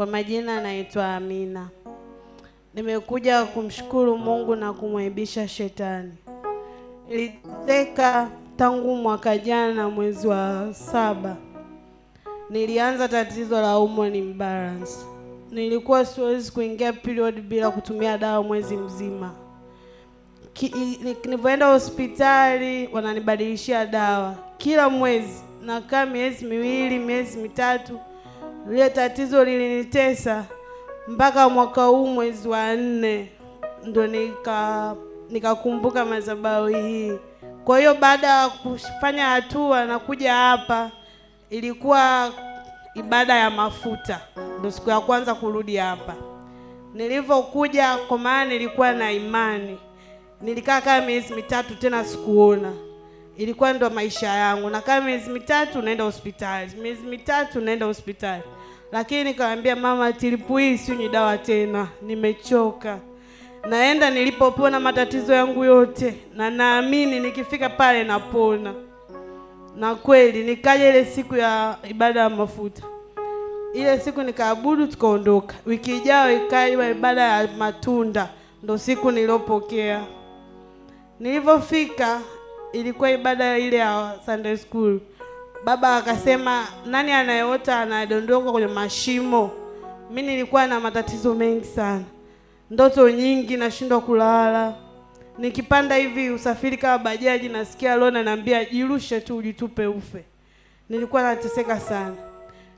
Kwa majina naitwa Amina. Nimekuja kumshukuru Mungu na kumwaibisha shetani. Niliteka tangu mwaka jana mwezi wa saba nilianza tatizo la hormone imbalance. Nilikuwa siwezi kuingia period bila kutumia dawa mwezi mzima. Nilipoenda hospitali wananibadilishia dawa kila mwezi, nakaa miezi miwili, miezi mitatu lile tatizo lilinitesa mpaka mwaka huu mwezi wa nne ndo nika nikakumbuka madhabahu hii. Kwa hiyo baada ya kufanya hatua na kuja hapa, ilikuwa ibada ya mafuta, ndo siku ya kwanza kurudi hapa. Nilivyokuja, kwa maana nilikuwa na imani, nilikaa kama miezi mitatu tena sikuona ilikuwa ndo maisha yangu. Nakaa miezi mitatu naenda hospitali, miezi mitatu naenda hospitali, lakini nikamwambia mama, tiripu hii si ni dawa tena, nimechoka. Naenda nilipopona matatizo yangu yote, na naamini nikifika pale napona. Na kweli nikaja ile siku ya ibada ya mafuta, ile siku nikaabudu, tukaondoka. Wiki ijayo ikawa ibada ya matunda, ndo siku niliopokea. Nilivyofika ilikuwa ibada ile ya Sunday school, baba akasema nani anayeota anadondoka kwenye mashimo. Mi nilikuwa na matatizo mengi sana, ndoto nyingi, nashindwa kulala. Nikipanda hivi usafiri kama bajaji, nasikia leo ananiambia jirushe tu, ujitupe ufe. Nilikuwa nateseka sana.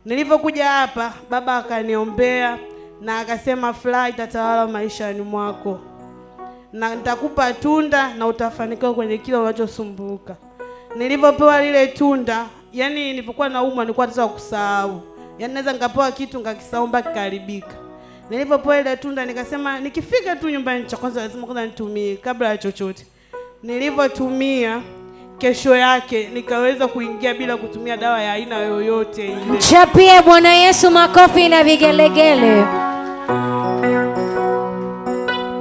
Nilivyokuja hapa, baba akaniombea na akasema furaha itatawala maishani mwako na nitakupa tunda na utafanikiwa kwenye kila unachosumbuka. Nilivyopewa lile tunda, yani nilipokuwa naumwa nilikuwa nataka kusahau, yani naweza nikapewa kitu nikakisahau mpaka kikaribika. Nilipopewa ile tunda nikasema nikifika tu nyumbani, cha kwanza lazima kwanza nitumie kabla ya chochote. Nilivyotumia kesho yake nikaweza kuingia bila kutumia dawa ya aina yoyote ile. Mchapie Bwana Yesu makofi na vigelegele.